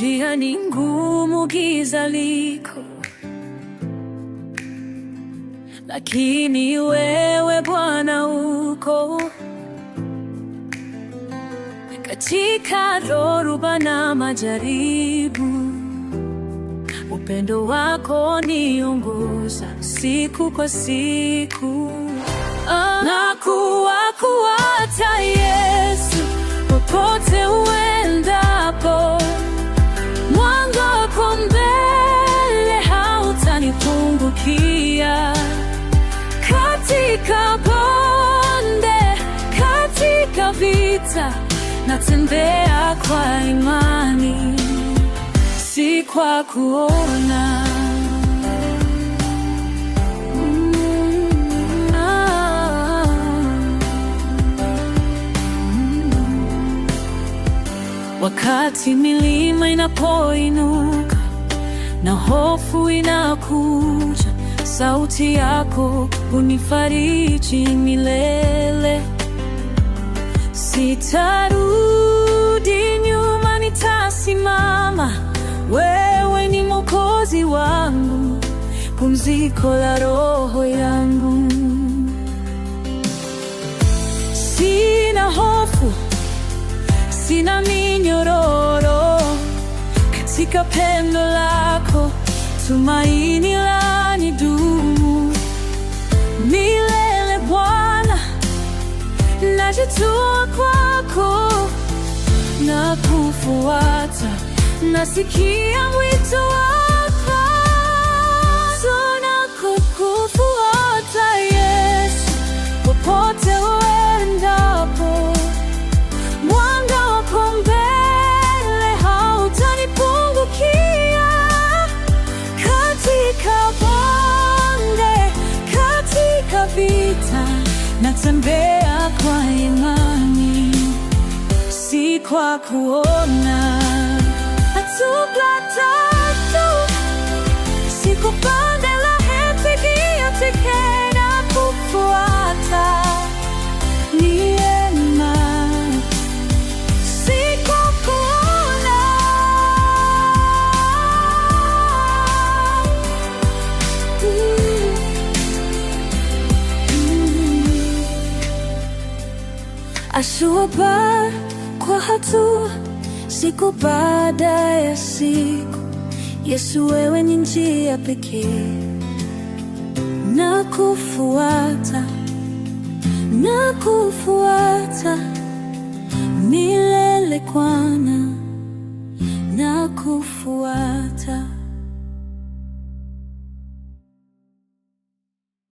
Njia ni ngumu, giza liko, lakini wewe Bwana uko. Katika dhoruba na majaribu, upendo wako niongoza siku kwa siku. Ah, na kuwa kuata Yesu popote hata natembea kwa imani, si kwa kuona. Wakati milima inapoinuka na hofu inakuja, sauti yako hunifariji milele. Sitarudi nyuma, nitasimama. Wewe ni Mwokozi wangu, pumziko la roho yangu. Sina hofu, sina minyororo, katika pendo lako tumaini lanidumu najitua kwako na kufuata, nasikia wito wako, tunakufuata Yesu, popote uendapo, mwanga wako mbele hautanipungukia, katika bonde, katika vita natembea kwa imani, si kwa kuona. Hatupata Ashuapa kwa hatua, siku baada ya siku. Yesu, wewe ni njia pekee, na kufuata milele, na kufuata